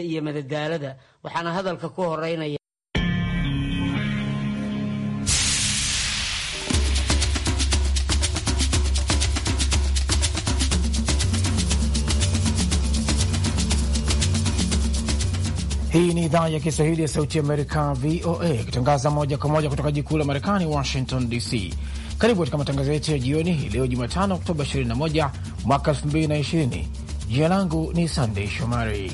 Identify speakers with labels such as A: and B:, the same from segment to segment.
A: iyo madadaalada waxaana hadalka ku horeynaya
B: Hii ni idhaa ya Kiswahili ya Sauti Amerika, VOA, ikitangaza moja kwa moja kutoka jikuu la Marekani, Washington DC. Karibu katika matangazo yetu ya jioni hii leo Jumatano, Oktoba 21 mwaka 2020. Jina langu ni Sandei Shomari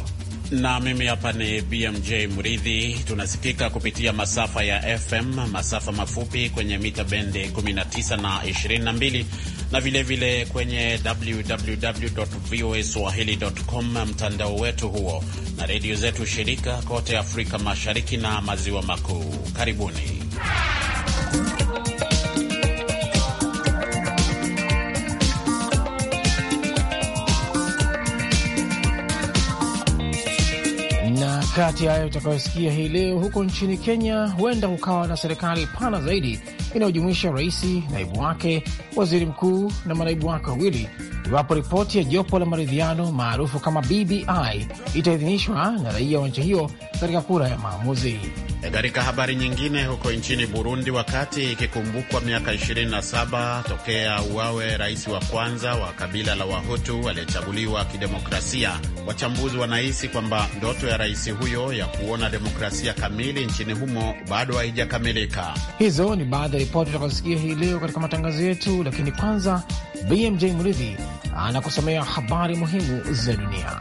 B: na
C: mimi hapa ni BMJ Mridhi. Tunasikika kupitia masafa ya FM, masafa mafupi kwenye mita bende 19 na 22, na vilevile vile kwenye www voa swahili.com, mtandao wetu huo, na redio zetu shirika kote Afrika Mashariki na Maziwa Makuu. Karibuni.
B: Kati ya hayo utakayosikia hii leo, huko nchini Kenya huenda kukawa na serikali pana zaidi inayojumuisha rais, naibu wake, waziri mkuu na manaibu wake wawili, iwapo ripoti ya jopo la maridhiano maarufu kama BBI itaidhinishwa na raia wa nchi hiyo katika kura ya maamuzi.
C: Katika habari nyingine, huko nchini Burundi, wakati ikikumbukwa miaka 27 tokea uawe rais wa kwanza wa kabila la Wahutu aliyechaguliwa kidemokrasia, wachambuzi wanahisi kwamba ndoto ya rais huyo ya kuona demokrasia kamili nchini humo bado haijakamilika.
B: Hizo ni baadhi ya ripoti utakazosikia hii leo katika matangazo yetu, lakini kwanza BMJ Mridhi anakusomea habari muhimu za dunia.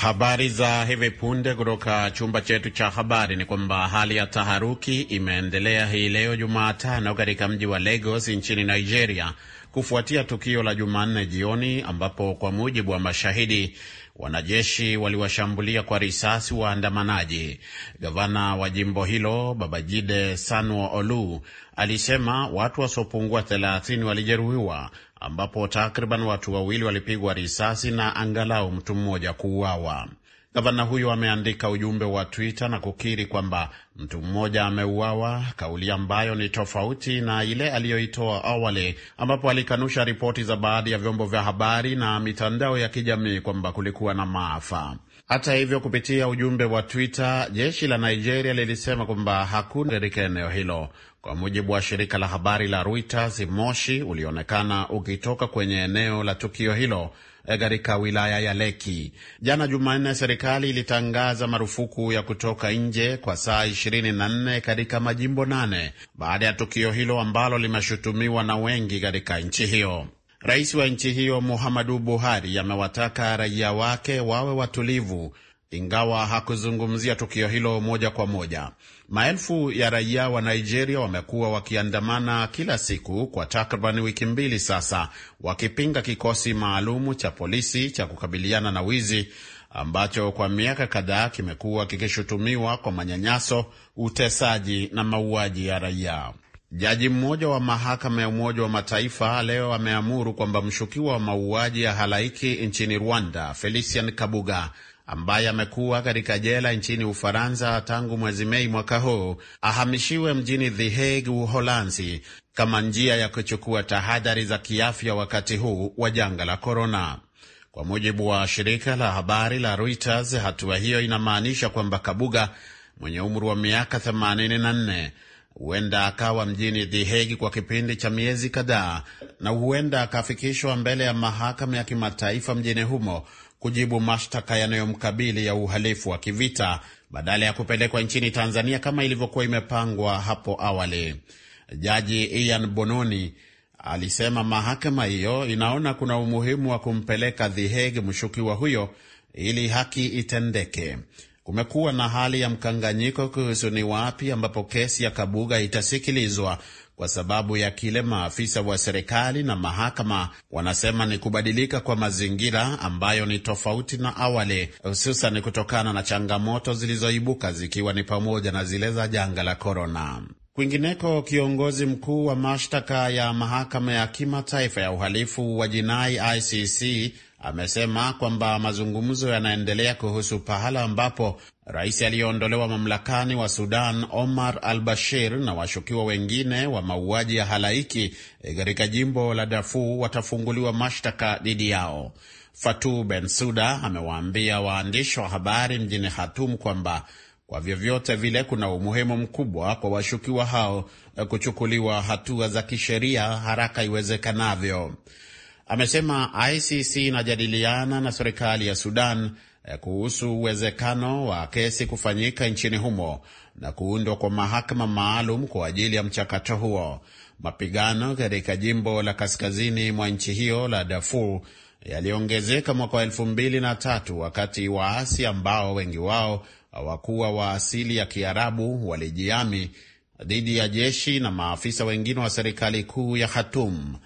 C: Habari za hivi punde kutoka chumba chetu cha habari ni kwamba hali ya taharuki imeendelea hii leo Jumatano katika mji wa Lagos nchini Nigeria kufuatia tukio la Jumanne jioni ambapo kwa mujibu wa mashahidi wanajeshi waliwashambulia kwa risasi waandamanaji. Gavana wa jimbo hilo Babajide Sanwo-Olu alisema watu wasiopungua 30 walijeruhiwa ambapo takriban watu wawili walipigwa risasi na angalau mtu mmoja kuuawa. Gavana huyo ameandika ujumbe wa Twitter na kukiri kwamba mtu mmoja ameuawa, kauli ambayo ni tofauti na ile aliyoitoa awali, ambapo alikanusha ripoti za baadhi ya vyombo vya habari na mitandao ya kijamii kwamba kulikuwa na maafa. Hata hivyo, kupitia ujumbe wa Twitter, jeshi la Nigeria lilisema kwamba hakuna katika eneo hilo. Kwa mujibu wa shirika la habari la Reuters, moshi ulionekana ukitoka kwenye eneo la tukio hilo eh, katika wilaya ya Lekki. Jana Jumanne, serikali ilitangaza marufuku ya kutoka nje kwa saa 24 katika majimbo nane baada ya tukio hilo ambalo limeshutumiwa na wengi katika nchi hiyo. Rais wa nchi hiyo Muhammadu Buhari amewataka raia wake wawe watulivu, ingawa hakuzungumzia tukio hilo moja kwa moja. Maelfu ya raia wa Nigeria wamekuwa wakiandamana kila siku kwa takriban wiki mbili sasa, wakipinga kikosi maalumu cha polisi cha kukabiliana na wizi ambacho kwa miaka kadhaa kimekuwa kikishutumiwa kwa manyanyaso, utesaji na mauaji ya raia. Jaji mmoja wa mahakama ya Umoja wa Mataifa leo ameamuru kwamba mshukiwa wa mauaji ya halaiki nchini Rwanda, Felician Kabuga, ambaye amekuwa katika jela nchini Ufaransa tangu mwezi Mei mwaka huu, ahamishiwe mjini The Hague, Uholanzi, kama njia ya kuchukua tahadhari za kiafya wakati huu wa janga la korona. Kwa mujibu wa shirika la habari la Reuters, hatua hiyo inamaanisha kwamba Kabuga mwenye umri wa miaka 84 huenda akawa mjini The Hague kwa kipindi cha miezi kadhaa na huenda akafikishwa mbele ya mahakama ya kimataifa mjini humo kujibu mashtaka yanayomkabili ya uhalifu wa kivita badala ya kupelekwa nchini Tanzania kama ilivyokuwa imepangwa hapo awali. Jaji Ian Bononi alisema mahakama hiyo inaona kuna umuhimu wa kumpeleka The Hague mshukiwa huyo ili haki itendeke kumekuwa na hali ya mkanganyiko kuhusu ni wapi ambapo kesi ya Kabuga itasikilizwa kwa sababu ya kile maafisa wa serikali na mahakama wanasema ni kubadilika kwa mazingira ambayo ni tofauti na awali, hususan kutokana na changamoto zilizoibuka zikiwa ni pamoja na zile za janga la korona. Kwingineko, kiongozi mkuu wa mashtaka ya mahakama ya kimataifa ya uhalifu wa jinai ICC amesema kwamba mazungumzo yanaendelea kuhusu pahala ambapo rais aliyeondolewa mamlakani wa Sudan Omar al Bashir na washukiwa wengine wa mauaji ya halaiki eh, katika jimbo la Darfur watafunguliwa mashtaka dhidi yao. fatu ben suda amewaambia waandishi wa habari mjini Khartoum kwamba kwa vyovyote vile kuna umuhimu mkubwa kwa washukiwa hao eh, kuchukuliwa hatua za kisheria haraka iwezekanavyo amesema ICC inajadiliana na serikali ya Sudan eh, kuhusu uwezekano wa kesi kufanyika nchini humo na kuundwa kwa mahakama maalum kwa ajili ya mchakato huo. Mapigano katika jimbo la kaskazini mwa nchi hiyo la Darfur yaliongezeka mwaka wa elfu mbili na tatu wakati waasi ambao wengi wao hawakuwa wa asili ya Kiarabu walijihami dhidi ya jeshi na maafisa wengine wa serikali kuu ya Khartoum.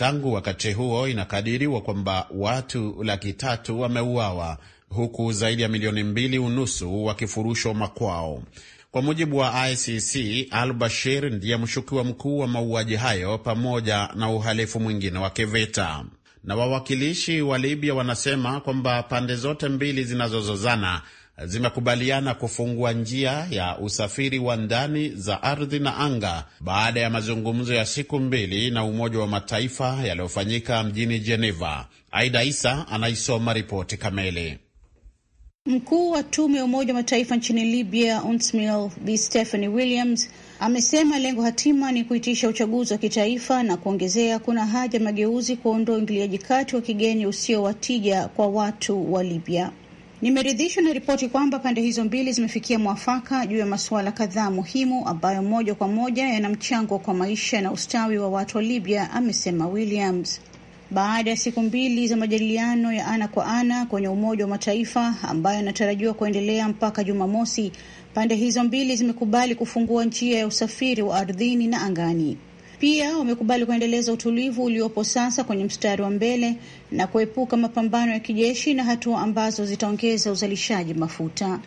C: Tangu wakati huo inakadiriwa kwamba watu laki tatu wameuawa huku zaidi ya milioni mbili unusu wakifurushwa makwao. Kwa mujibu wa ICC, Al Bashir ndiye mshukiwa mkuu wa mauaji hayo pamoja na uhalifu mwingine wa kivita. Na wawakilishi wa Libya wanasema kwamba pande zote mbili zinazozozana zimekubaliana kufungua njia ya usafiri wa ndani za ardhi na anga baada ya mazungumzo ya siku mbili na Umoja wa Mataifa yaliyofanyika mjini Geneva. Aida Isa anaisoma ripoti kamili.
D: Mkuu wa tume ya Umoja wa Mataifa nchini Libya, UNSMIL, Bi Stephanie Williams amesema lengo hatima ni kuitisha uchaguzi wa kitaifa na kuongezea, kuna haja mageuzi kuondoa uingiliaji kati wa kigeni usio wa tija kwa watu wa Libya. Nimeridhishwa na ripoti kwamba pande hizo mbili zimefikia mwafaka juu ya masuala kadhaa muhimu ambayo moja kwa moja yana mchango kwa maisha na ustawi wa watu wa Libya, amesema Williams. Baada ya siku mbili za majadiliano ya ana kwa ana kwenye Umoja wa Mataifa ambayo yanatarajiwa kuendelea mpaka Jumamosi, pande hizo mbili zimekubali kufungua njia ya usafiri wa ardhini na angani. Pia wamekubali kuendeleza utulivu uliopo sasa kwenye mstari wa mbele na kuepuka mapambano ya kijeshi na hatua ambazo zitaongeza uzalishaji mafuta.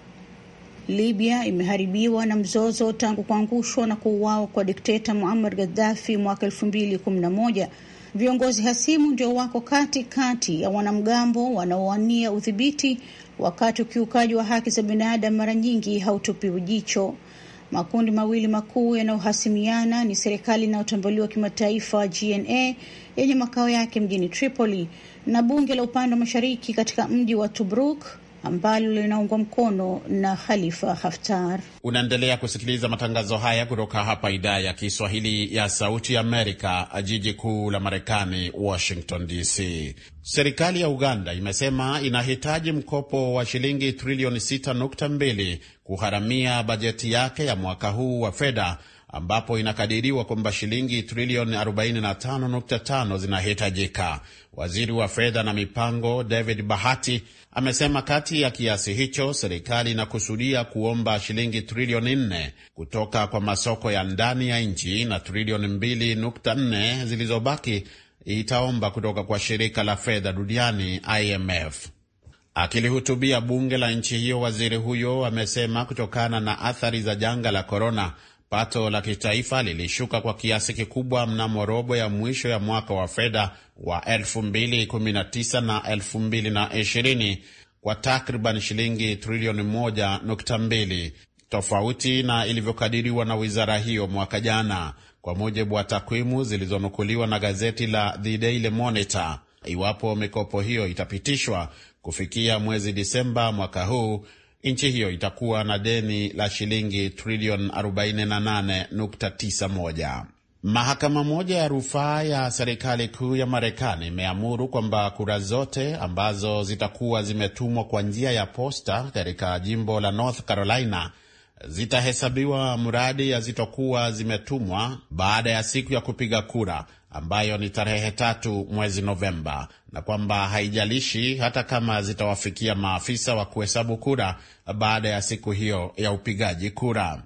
D: Libya imeharibiwa na mzozo tangu kuangushwa na kuuawa kwa dikteta Muammar Gaddafi mwaka elfu mbili kumi na moja. Viongozi hasimu ndio wako kati kati ya wanamgambo wanaowania udhibiti, wakati ukiukaji wa haki za binadamu mara nyingi hautupiwi jicho. Makundi mawili makuu yanayohasimiana ni serikali inayotambuliwa kimataifa GNA yenye makao yake mjini Tripoli na bunge la upande wa mashariki katika mji wa Tobruk ambalo linaungwa mkono na Khalifa Haftar.
C: Unaendelea kusikiliza matangazo haya kutoka hapa idhaa ya Kiswahili ya Sauti Amerika, jiji kuu la Marekani, Washington DC. Serikali ya Uganda imesema inahitaji mkopo wa shilingi trilioni 6.2 kuharamia bajeti yake ya mwaka huu wa fedha ambapo inakadiriwa kwamba shilingi trilioni 45.5 zinahitajika. Waziri wa fedha na mipango David Bahati amesema kati ya kiasi hicho serikali inakusudia kuomba shilingi trilioni 4 kutoka kwa masoko ya ndani ya nchi na trilioni 2.4 zilizobaki itaomba kutoka kwa shirika la fedha duniani IMF. Akilihutubia bunge la nchi hiyo, waziri huyo amesema kutokana na athari za janga la korona Pato la kitaifa lilishuka kwa kiasi kikubwa mnamo robo ya mwisho ya mwaka wa fedha wa 2019 na 2020 kwa takriban shilingi trilioni 1.2 tofauti na ilivyokadiriwa na wizara hiyo mwaka jana, kwa mujibu wa takwimu zilizonukuliwa na gazeti la The Daily Monitor. Iwapo mikopo hiyo itapitishwa kufikia mwezi Disemba mwaka huu nchi hiyo itakuwa na deni la shilingi trilioni 48.91. Mahakama moja ya rufaa ya serikali kuu ya Marekani imeamuru kwamba kura zote ambazo zitakuwa zimetumwa kwa njia ya posta katika jimbo la North Carolina zitahesabiwa mradi hazitokuwa zimetumwa baada ya siku ya kupiga kura ambayo ni tarehe tatu mwezi Novemba, na kwamba haijalishi hata kama zitawafikia maafisa wa kuhesabu kura baada ya siku hiyo ya upigaji kura.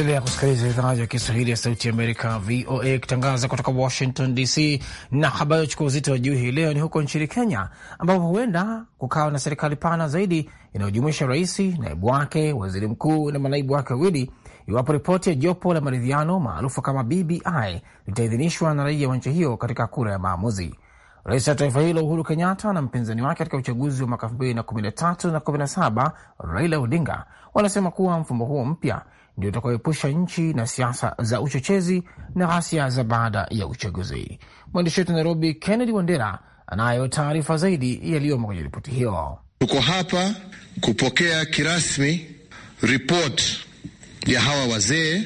B: Naendelea kusikiliza idhaa ya Kiswahili ya Sauti ya Amerika, VOA, ikitangaza kutoka Washington DC. Na habari uchukua uzito wa juu hii leo ni huko nchini Kenya, ambapo huenda kukawa na serikali pana zaidi inayojumuisha rais, naibu wake, waziri mkuu na manaibu wake wawili, iwapo ripoti ya jopo la maridhiano maarufu kama BBI litaidhinishwa na raia wa nchi hiyo katika kura ya maamuzi. Rais wa taifa hilo Uhuru Kenyatta na mpinzani wake katika uchaguzi wa mwaka 2013 na 2017 Raila Odinga wanasema kuwa mfumo huo mpya ndio itakayoepusha nchi na siasa za uchochezi na ghasia za baada ya uchaguzi. Mwandishi wetu Nairobi, Kennedy Wandera, anayo taarifa zaidi yaliyomo kwenye ripoti hiyo.
E: Tuko hapa kupokea kirasmi
F: ripoti ya hawa wazee,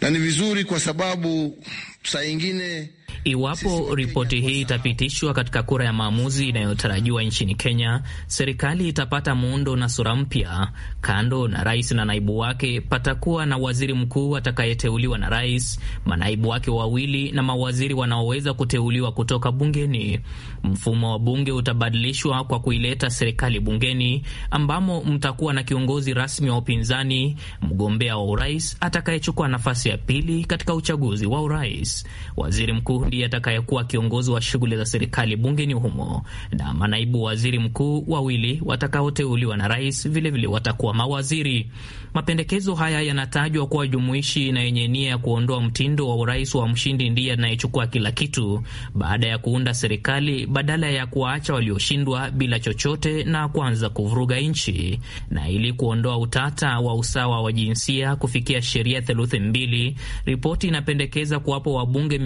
F: na ni vizuri kwa sababu saa ingine Iwapo ripoti hii itapitishwa katika kura ya maamuzi inayotarajiwa nchini Kenya, serikali itapata muundo na sura mpya. Kando na rais na naibu wake, patakuwa na waziri mkuu atakayeteuliwa na rais, manaibu wake wawili na mawaziri wanaoweza kuteuliwa kutoka bungeni. Mfumo wa bunge utabadilishwa kwa kuileta serikali bungeni, ambamo mtakuwa na kiongozi rasmi wa upinzani, mgombea wa urais atakayechukua nafasi ya pili katika uchaguzi wa urais. Waziri mkuu ndiye atakayekuwa kiongozi wa shughuli za serikali bungeni humo, na manaibu waziri mkuu wawili watakaoteuliwa na rais vilevile watakuwa mawaziri. Mapendekezo haya yanatajwa kuwa jumuishi na yenye nia ya kuondoa mtindo wa urais wa mshindi ndiye anayechukua kila kitu, baada ya kuunda serikali badala ya kuwaacha walioshindwa bila chochote na kuanza kuvuruga nchi. Na ili kuondoa utata wa usawa wa jinsia kufikia sheria theluthi mbili, ripoti inapendekeza kuwapo wabunge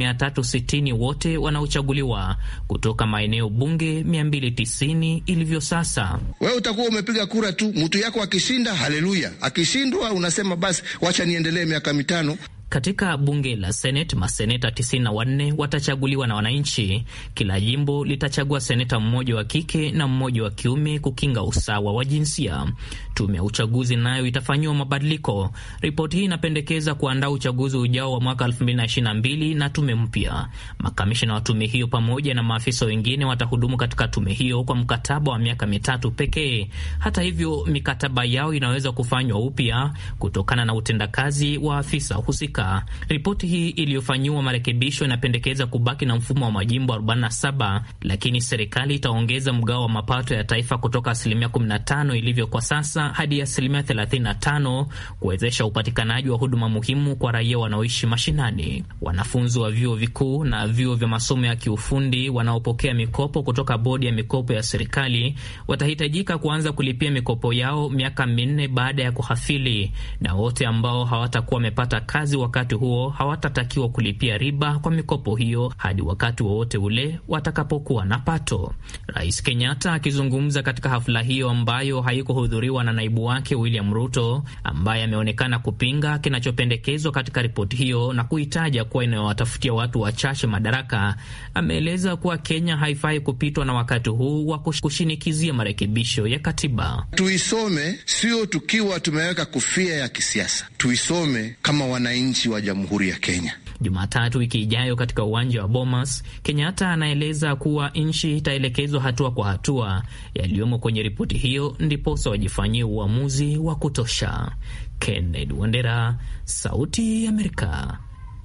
F: 60 wote wanaochaguliwa kutoka maeneo bunge 290 ilivyo sasa. Wewe utakuwa umepiga kura tu, mtu yako akishinda, haleluya; akishindwa, unasema basi, wacha niendelee miaka mitano. Katika bunge la senet maseneta 94 watachaguliwa na wananchi. Kila jimbo litachagua seneta mmoja wa kike na mmoja wa kiume kukinga usawa wa jinsia. Tume ya uchaguzi nayo itafanyiwa mabadiliko. Ripoti hii inapendekeza kuandaa uchaguzi ujao wa mwaka 2022 na tume mpya. Makamishina wa tume hiyo pamoja na maafisa wengine watahudumu katika tume hiyo kwa mkataba wa miaka mitatu pekee. Hata hivyo, mikataba yao inaweza kufanywa upya kutokana na utendakazi wa afisa husika. Afrika. Ripoti hii iliyofanyiwa marekebisho inapendekeza kubaki na mfumo wa majimbo 47, lakini serikali itaongeza mgao wa mapato ya taifa kutoka asilimia 15 ilivyo kwa sasa hadi asilimia 35 kuwezesha upatikanaji wa huduma muhimu kwa raia wanaoishi mashinani. Wanafunzi wa vyuo vikuu na vyuo vya masomo ya kiufundi wanaopokea mikopo kutoka bodi ya mikopo ya serikali watahitajika kuanza kulipia mikopo yao miaka minne baada ya kuhafili, na wote ambao hawatakuwa wamepata kazi wakati huo hawatatakiwa kulipia riba kwa mikopo hiyo hadi wakati wowote ule watakapokuwa na pato. Rais Kenyatta akizungumza katika hafla hiyo ambayo haikuhudhuriwa na naibu wake William Ruto, ambaye ameonekana kupinga kinachopendekezwa katika ripoti hiyo na kuitaja kuwa inayowatafutia watu wachache madaraka, ameeleza kuwa Kenya haifai kupitwa na wakati huu wa kushinikizia marekebisho ya katiba.
E: Tuisome sio tukiwa tumeweka kofia ya kisiasa, tuisome kama wananchi wa Jamhuri ya Kenya
F: Jumatatu wiki ijayo katika uwanja wa Bomas. Kenyatta anaeleza kuwa nchi itaelekezwa hatua kwa hatua yaliyomo kwenye ripoti hiyo, ndiposa wajifanyie uamuzi wa kutosha. Kennedy Wandera, Sauti ya Amerika,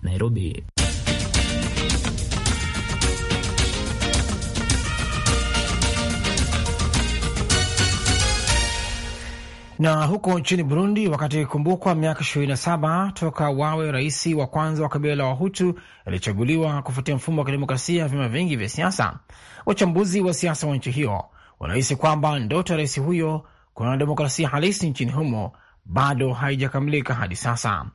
F: Nairobi.
B: Na huko nchini Burundi, wakati kumbukwa miaka 27 toka wawe rais wa kwanza wa kabila la Wahutu alichaguliwa kufuatia mfumo wa kidemokrasia ya vyama vingi vya siasa, wachambuzi wa siasa wa nchi hiyo wanahisi kwamba ndoto ya rais huyo kuna demokrasia halisi nchini humo bado haijakamilika hadi sasa.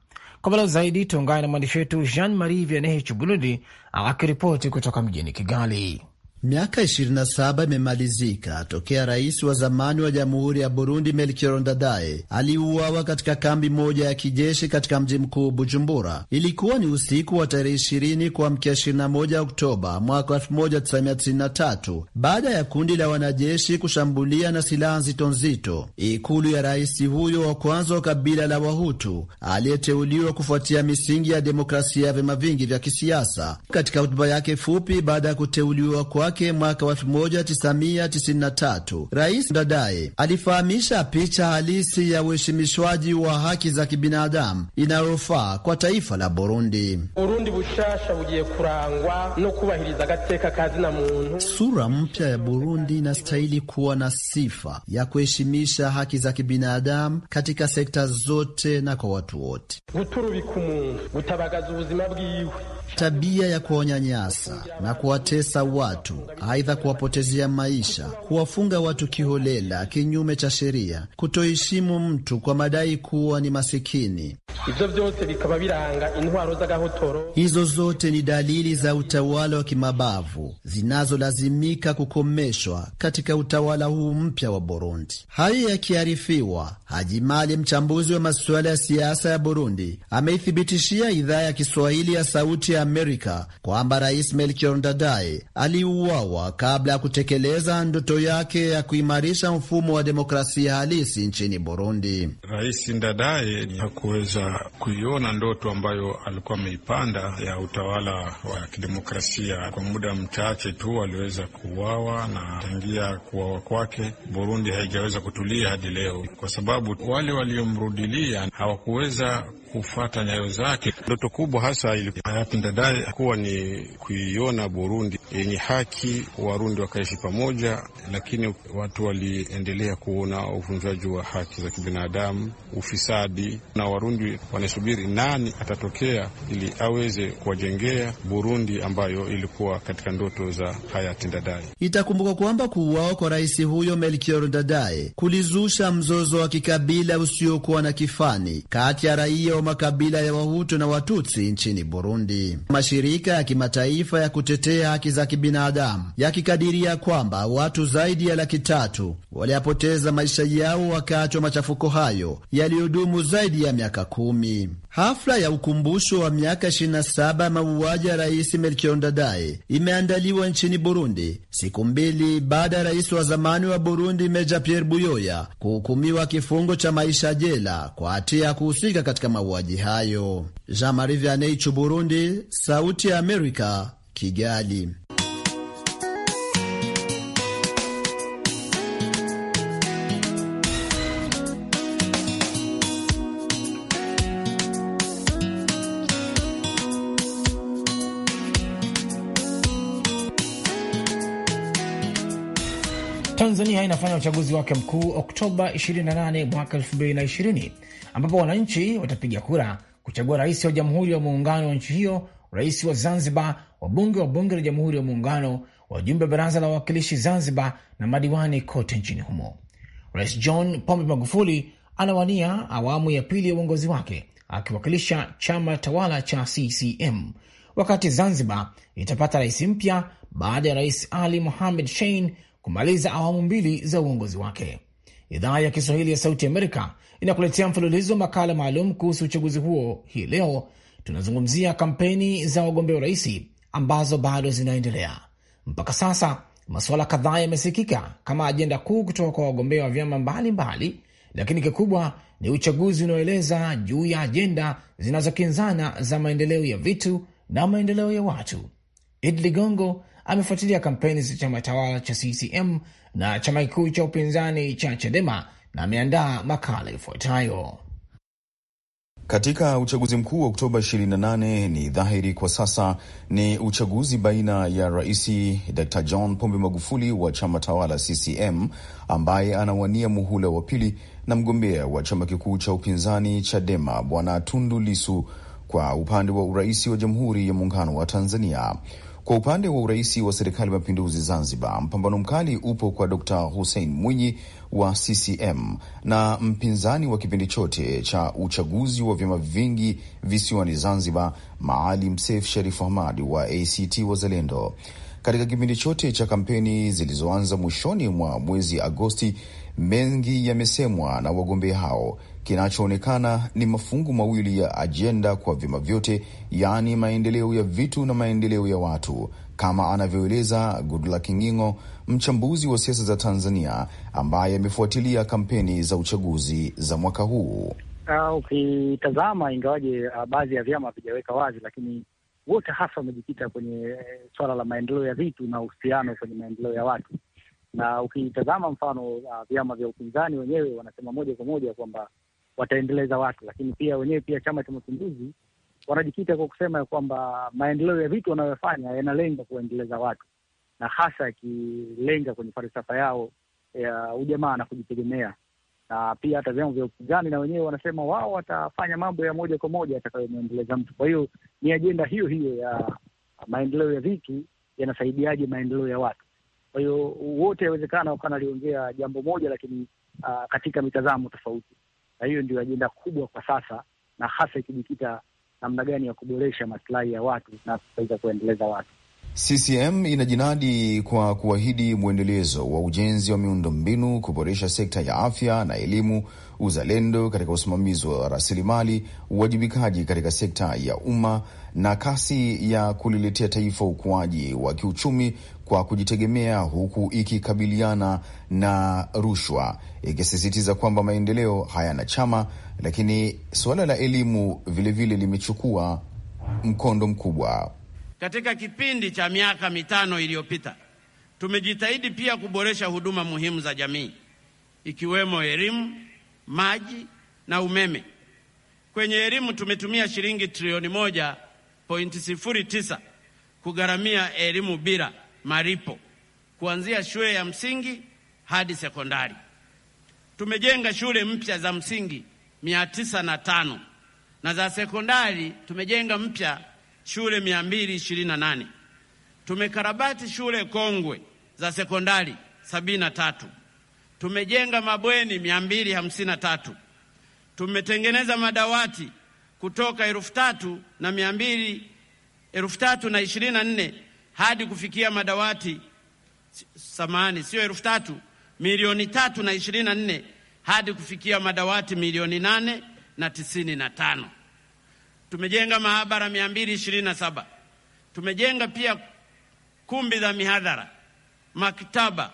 B: Kwa maelezo zaidi tuungane na mwandishi wetu Jean Marie Vianehi Burundi akiripoti kutoka mjini Kigali. Miaka 27
E: imemalizika tokea rais wa zamani wa jamhuri ya Burundi Melchior Ndadaye aliuawa katika kambi moja ya kijeshi katika mji mkuu Bujumbura. Ilikuwa ni usiku wa tarehe 20 kuamkia 21 Oktoba mwaka 1993 baada ya kundi la wanajeshi kushambulia na silaha nzito nzito ikulu ya rais huyo wa kwanza wa kabila la Wahutu aliyeteuliwa kufuatia misingi ya demokrasia ya vyama vingi vya kisiasa. Katika hotuba yake fupi baada ya kuteuliwa kwa wake mwaka wa 1993 Rais Dadaye alifahamisha picha halisi ya uheshimishwaji wa haki za kibinadamu inayofaa kwa taifa la Burundi.
G: Burundi bushasha bugiye kurangwa no kubahiriza agateka muntu.
E: Sura mpya ya Burundi inastahili kuwa na sifa ya kuheshimisha haki za kibinadamu katika sekta zote na kwa watu wote.
C: guturubika umuntu gutabagaza ubuzima bwiwe
E: tabia ya kuwanyanyasa na kuwatesa watu, aidha kuwapotezea maisha, kuwafunga watu kiholela kinyume cha sheria, kutoheshimu mtu kwa madai kuwa ni masikini. Hizo zote ni dalili za utawala wa kimabavu zinazolazimika kukomeshwa katika utawala huu mpya wa Burundi. Hayo yakiarifiwa, Hajimali, mchambuzi wa masuala ya siasa ya Burundi, ameithibitishia idhaa ya Kiswahili ya Sauti ya Amerika kwamba Rais Melchior Ndadaye aliuawa kabla ya kutekeleza ndoto yake ya kuimarisha mfumo wa demokrasia halisi nchini Burundi.
C: Rais Ndadaye hakuweza kuiona ndoto ambayo alikuwa ameipanda ya utawala wa kidemokrasia. Kwa muda mchache tu aliweza kuuawa, na tangia kuuawa kwake Burundi haijaweza kutulia hadi leo, kwa sababu wale waliomrudilia hawakuweza kufuata nyayo zake. Ndoto kubwa hasa Hayatou Ndadaye kuwa ni kuiona Burundi yenye haki, Warundi wakaishi pamoja, lakini watu waliendelea kuona uvunjaji wa haki za kibinadamu, ufisadi, na Warundi wanasubiri nani atatokea ili aweze kuwajengea Burundi ambayo ilikuwa katika ndoto za hayati Ndadaye.
E: Itakumbuka kwamba kuuawa kwa rais huyo Melchior Ndadaye kulizusha mzozo wa kikabila usiokuwa na kifani kati ya raia wa makabila ya Wahutu na Watutsi nchini Burundi. Mashirika ya kimataifa ya kutetea haki za kibinadamu yakikadiria kwamba watu zaidi ya laki tatu waliyapoteza maisha yao wakati wa machafuko hayo yaliyodumu zaidi ya miaka kumi. Hafla ya ukumbusho wa miaka 27 ya mauaji ya Rais Melchior Ndadaye imeandaliwa nchini Burundi siku mbili baada ya rais wa zamani wa Burundi Meja Pierre Buyoya kuhukumiwa kifungo cha maisha jela kwa hatia ya kuhusika katika mauaji mauaji hayo. Jean Marie Vianney, Burundi, Sauti ya Amerika, Kigali.
B: Tanzania inafanya uchaguzi wake mkuu Oktoba 28 mwaka 2020 ambapo wananchi watapiga kura kuchagua rais wa Jamhuri ya Muungano wa nchi hiyo, rais wa Zanzibar, wabunge wa Bunge la Jamhuri ya Muungano, wajumbe wa Baraza la Wawakilishi Zanzibar na madiwani kote nchini humo. Rais John Pombe Magufuli anawania awamu ya pili ya uongozi wake akiwakilisha chama tawala cha CCM, wakati Zanzibar itapata rais mpya baada ya Rais Ali Mohamed Shein kumaliza awamu mbili za uongozi wake. Idhaa ya Kiswahili ya Sauti Amerika inakuletea mfululizo wa makala maalum kuhusu uchaguzi huo. Hii leo tunazungumzia kampeni za wagombea urais ambazo bado zinaendelea mpaka sasa. Masuala kadhaa yamesikika kama ajenda kuu kutoka kwa wagombea wa vyama mbalimbali mbali, lakini kikubwa ni uchaguzi unaoeleza juu ya ajenda zinazokinzana za maendeleo ya vitu na maendeleo ya watu. Idi Ligongo amefuatilia kampeni za chama tawala cha CCM na chama kikuu cha upinzani cha Chadema na ameandaa makala ifuatayo.
H: Katika uchaguzi mkuu wa Oktoba 28 ni dhahiri kwa sasa ni uchaguzi baina ya Rais Dr John Pombe Magufuli wa chama tawala CCM ambaye anawania muhula wa pili na mgombea wa chama kikuu cha upinzani Chadema Bwana Tundu Lisu kwa upande wa urais wa Jamhuri ya Muungano wa Tanzania. Kwa upande wa urais wa serikali ya mapinduzi Zanzibar, mpambano mkali upo kwa Dkt Hussein Mwinyi wa CCM na mpinzani wa kipindi chote cha uchaguzi wa vyama vingi visiwani Zanzibar, Maalim Seif Sharif Hamad wa ACT Wazalendo. Katika kipindi chote cha kampeni zilizoanza mwishoni mwa mwezi Agosti, mengi yamesemwa na wagombea hao Kinachoonekana ni mafungu mawili ya ajenda kwa vyama vyote, yaani maendeleo ya vitu na maendeleo ya watu, kama anavyoeleza Goodluck Ngingo, mchambuzi wa siasa za Tanzania ambaye amefuatilia kampeni za uchaguzi za mwaka huu.
F: Ah, ukitazama uh, ingawaje uh, baadhi ya vyama havijaweka wazi, lakini wote hasa wamejikita kwenye e, swala la maendeleo ya vitu na uhusiano kwenye maendeleo ya watu. Na ukitazama mfano uh, vyama vya upinzani wenyewe wanasema moja kwa moja kwamba wataendeleza watu, lakini pia wenyewe pia Chama cha Mapinduzi wanajikita kwa kusema ya kwamba maendeleo ya vitu wanayofanya yanalenga kuwaendeleza watu, na hasa yakilenga kwenye falsafa yao ya ujamaa na kujitegemea. Na pia hata vyama vya upinzani na wenyewe wanasema wao watafanya mambo ya moja kwa moja yatakayomwendeleza mtu. Kwa hiyo ni ajenda hiyo hiyo ya maendeleo ya vitu yanasaidiaje maendeleo ya watu. Kwa hiyo wote yawezekana wakawa naliongea jambo moja, lakini uh, katika mitazamo tofauti na hiyo ndio ajenda kubwa kwa sasa, na hasa ikijikita namna gani ya kuboresha masilahi ya watu na kuweza kuendeleza watu.
H: CCM inajinadi kwa kuahidi mwendelezo wa ujenzi wa miundombinu, kuboresha sekta ya afya na elimu, uzalendo katika usimamizi wa rasilimali, uwajibikaji katika sekta ya umma na kasi ya kuliletea taifa ukuaji wa kiuchumi kwa kujitegemea, huku ikikabiliana na rushwa, ikisisitiza kwamba maendeleo hayana chama. Lakini suala la elimu vilevile limechukua mkondo mkubwa.
A: Katika kipindi cha miaka mitano iliyopita, tumejitahidi pia kuboresha huduma muhimu za jamii ikiwemo elimu, maji na umeme. Kwenye elimu tumetumia shilingi trilioni moja pointi sifuri tisa kugharamia elimu bila malipo kuanzia shule ya msingi hadi sekondari. Tumejenga shule mpya za msingi mia tisa na tano na za sekondari tumejenga mpya shule 228. Tumekarabati shule kongwe za sekondari 73. Tumejenga mabweni 253. Tumetengeneza madawati kutoka elfu tatu na mia mbili elfu tatu na ishirini na nne hadi kufikia madawati samani, sio elfu tatu milioni tatu na ishirini na nne hadi kufikia madawati milioni nane na tisini na tano. Tumejenga maabara saba Tumejenga pia kumbi za mihadhara, maktaba,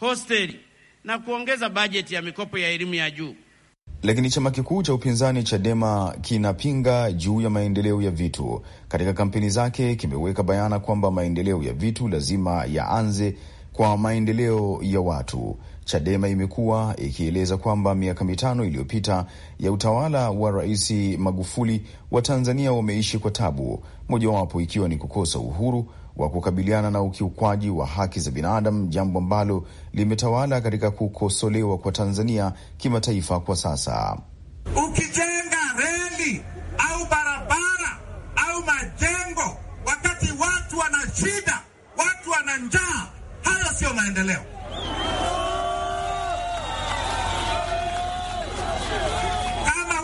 A: hosteli na kuongeza bajeti ya mikopo ya elimu ya juu.
H: Lakini chama kikuu cha upinzani Chadema kinapinga juu ya maendeleo ya vitu. Katika kampeni zake kimeweka bayana kwamba maendeleo ya vitu lazima yaanze kwa maendeleo ya watu. Chadema imekuwa ikieleza kwamba miaka mitano iliyopita ya utawala wa Rais Magufuli, wa tanzania wameishi kwa tabu, mojawapo ikiwa ni kukosa uhuru wa kukabiliana na ukiukwaji wa haki za binadamu, jambo ambalo limetawala katika kukosolewa kwa Tanzania kimataifa kwa sasa.
A: Ukijenga reli au barabara au majengo wakati watu wana shida, watu wana njaa, hayo siyo maendeleo.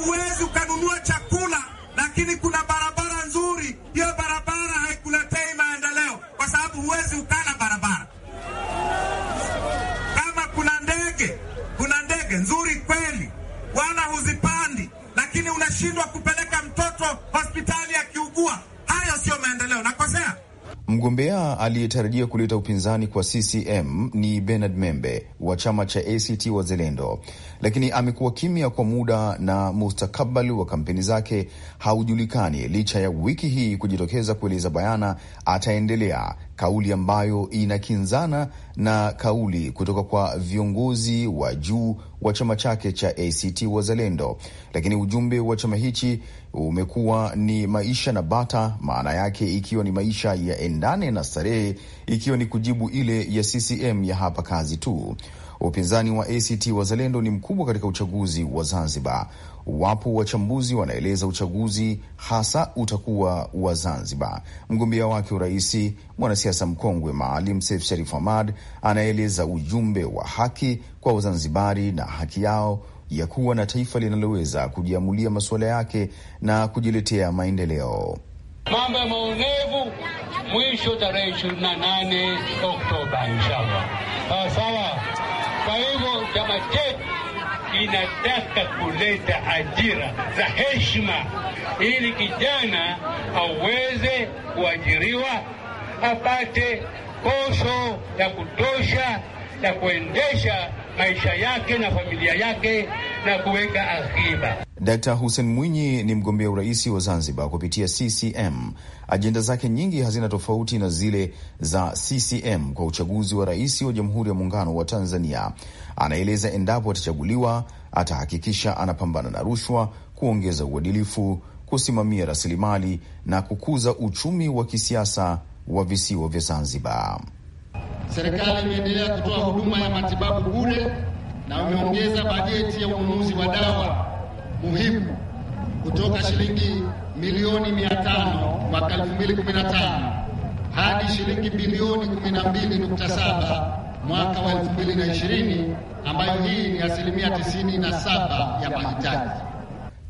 A: huwezi ukanunua chakula, lakini kuna barabara nzuri, hiyo barabara haikuletei maendeleo, kwa sababu huwezi ukala barabara. Kama kuna ndege, kuna ndege nzuri kweli, wala huzipandi, lakini unashindwa kupeleka mtoto hospitali akiugua. Hayo sio maendeleo, nakosea?
H: Mgombea aliyetarajia kuleta upinzani kwa CCM ni Bernard Membe wa chama cha ACT Wazalendo, lakini amekuwa kimya kwa muda na mustakabali wa kampeni zake haujulikani, licha ya wiki hii kujitokeza kueleza bayana ataendelea kauli ambayo inakinzana na kauli kutoka kwa viongozi wa juu wa chama chake cha ACT Wazalendo. Lakini ujumbe wa chama hichi umekuwa ni maisha na bata, maana yake ikiwa ni maisha ya endane na starehe, ikiwa ni kujibu ile ya CCM ya hapa kazi tu. Upinzani wa ACT Wazalendo ni mkubwa katika uchaguzi wa Zanzibar, Wapo wachambuzi wanaeleza uchaguzi hasa utakuwa wa Zanzibar. Mgombea wake uraisi mwanasiasa mkongwe Maalim Seif Sharif Hamad anaeleza ujumbe wa haki kwa Wazanzibari na haki yao ya kuwa na taifa linaloweza kujiamulia masuala yake na kujiletea maendeleo.
A: Mambo ya maonevu mwisho tarehe nane Oktoba, inshallah. Sawa ah, sawa. Kwa hivyo chama chetu inataka kuleta ajira za heshima ili kijana aweze kuajiriwa, apate posho ya kutosha ya kuendesha maisha yake na familia yake na kuweka akiba.
H: Dkt. Hussein Mwinyi ni mgombea urais wa Zanzibar kupitia CCM. Ajenda zake nyingi hazina tofauti na zile za CCM kwa uchaguzi wa rais wa Jamhuri ya Muungano wa Tanzania. Anaeleza endapo atachaguliwa, atahakikisha anapambana na rushwa, kuongeza uadilifu, kusimamia rasilimali na kukuza uchumi wa kisiasa wa visiwa vya Zanzibar.
E: Serikali imeendelea kutoa huduma ya matibabu bure na umeongeza bajeti ya ununuzi wa dawa muhimu kutoka shilingi milioni 500 mwaka 2015 hadi shilingi bilioni 12.7 mwaka wa 2020 ambayo hii ni asilimia 97 ya mahitaji.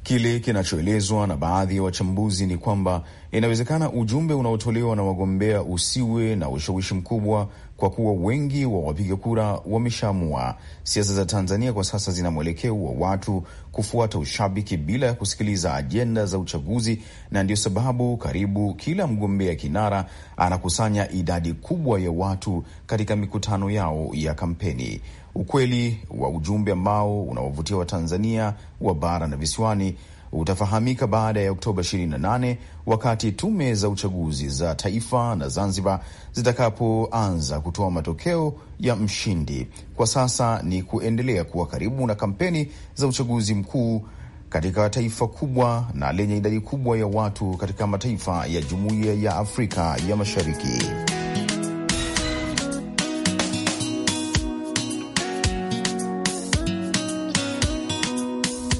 H: Kile kinachoelezwa na baadhi ya wa wachambuzi ni kwamba inawezekana ujumbe unaotolewa na wagombea usiwe na ushawishi mkubwa kwa kuwa wengi wa wapiga kura wameshaamua. Siasa za Tanzania kwa sasa zina mwelekeo wa watu kufuata ushabiki bila ya kusikiliza ajenda za uchaguzi, na ndio sababu karibu kila mgombea kinara anakusanya idadi kubwa ya watu katika mikutano yao ya kampeni. Ukweli wa ujumbe ambao unawavutia Watanzania wa bara na visiwani utafahamika baada ya Oktoba 28 wakati tume za uchaguzi za taifa na Zanzibar zitakapoanza kutoa matokeo ya mshindi. Kwa sasa ni kuendelea kuwa karibu na kampeni za uchaguzi mkuu katika taifa kubwa na lenye idadi kubwa ya watu katika mataifa ya Jumuiya ya Afrika
B: ya Mashariki.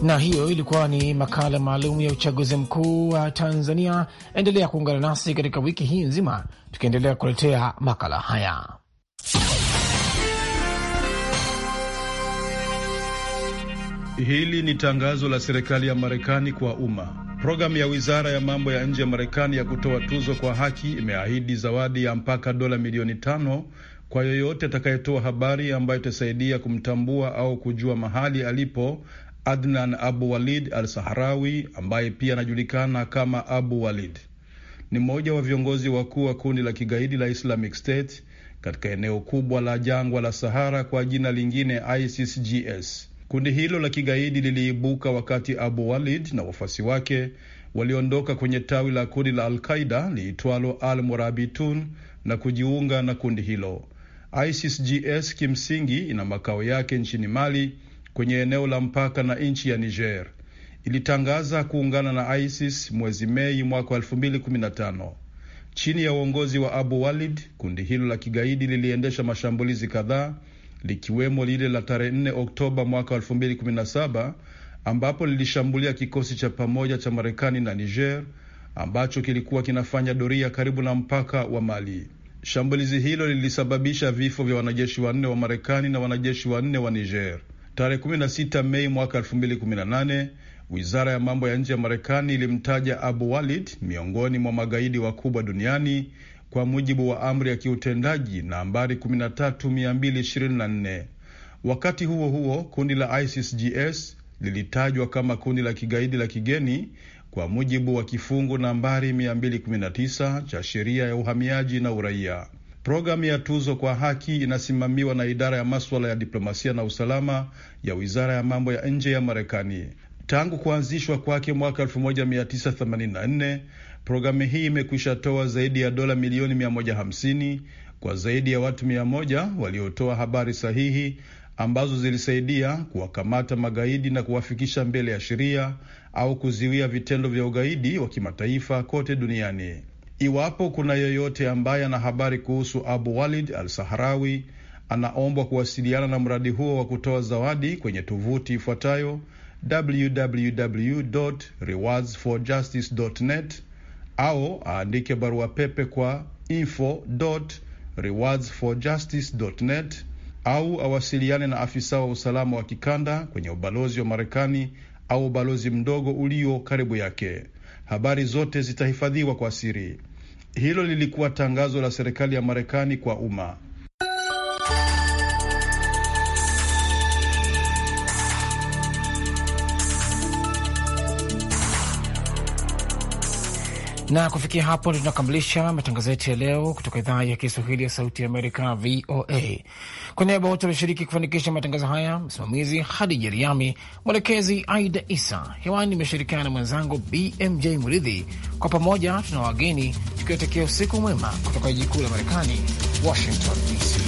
B: na hiyo ilikuwa ni makala maalum ya uchaguzi mkuu wa Tanzania. Endelea kuungana nasi katika wiki hii nzima, tukiendelea kuletea makala haya.
G: Hili ni tangazo la serikali ya Marekani kwa umma. Programu ya wizara ya mambo ya nje ya Marekani ya kutoa tuzo kwa haki imeahidi zawadi ya mpaka dola milioni tano kwa yoyote atakayetoa habari ambayo itasaidia kumtambua au kujua mahali alipo Adnan Abu Walid Al saharawi ambaye pia anajulikana kama Abu Walid ni mmoja wa viongozi wakuu wa kundi la kigaidi la Islamic State katika eneo kubwa la jangwa la Sahara kwa jina lingine ISGS. Kundi hilo la kigaidi liliibuka wakati Abu Walid na wafuasi wake waliondoka kwenye tawi la kundi la Al-Qaida liitwalo Al-Murabitun na kujiunga na kundi hilo. ISGS kimsingi ina makao yake nchini Mali kwenye eneo la mpaka na nchi ya Niger. Ilitangaza kuungana na ISIS mwezi Mei mwaka 2015. Chini ya uongozi wa Abu Walid, kundi hilo la kigaidi liliendesha mashambulizi kadhaa likiwemo lile la tarehe 4 Oktoba mwaka 2017 ambapo lilishambulia kikosi cha pamoja cha Marekani na Niger ambacho kilikuwa kinafanya doria karibu na mpaka wa Mali. Shambulizi hilo lilisababisha vifo vya wanajeshi wanne wa Marekani na wanajeshi wanne wa Niger. Tarehe 16 Mei mwaka 2018 wizara ya mambo ya nje ya Marekani ilimtaja Abu Walid miongoni mwa magaidi wakubwa duniani kwa mujibu wa amri ya kiutendaji nambari 13224. Wakati huo huo, kundi la ISIS-GS lilitajwa kama kundi la kigaidi la kigeni kwa mujibu wa kifungu nambari 219 cha sheria ya uhamiaji na uraia. Programu ya Tuzo kwa Haki inasimamiwa na idara ya maswala ya diplomasia na usalama ya wizara ya mambo ya nje ya Marekani. Tangu kuanzishwa kwake mwaka 1984 programu hii imekwisha toa zaidi ya dola milioni 150 kwa zaidi ya watu 100 waliotoa habari sahihi ambazo zilisaidia kuwakamata magaidi na kuwafikisha mbele ya sheria au kuziwia vitendo vya ugaidi wa kimataifa kote duniani. Iwapo kuna yeyote ambaye ana habari kuhusu Abu Walid al Sahrawi, anaombwa kuwasiliana na mradi huo wa kutoa zawadi kwenye tovuti ifuatayo www rewards for justice net au aandike barua pepe kwa info rewards for justice net au awasiliane na afisa wa usalama wa kikanda kwenye ubalozi wa Marekani au ubalozi mdogo ulio karibu yake habari zote zitahifadhiwa kwa siri. Hilo lilikuwa tangazo la serikali ya Marekani kwa umma.
B: Na kufikia hapo ndio tunakamilisha matangazo yetu ya leo kutoka idhaa ya Kiswahili ya Sauti ya Amerika, VOA. Kwa niaba wote walioshiriki kufanikisha matangazo haya, msimamizi Hadi Jeriami, mwelekezi Aida Isa. Hewani imeshirikiana na mwenzangu BMJ Muridhi. Kwa pamoja tuna wageni tukiwatakia usiku mwema kutoka jiji kuu la Marekani, Washington DC.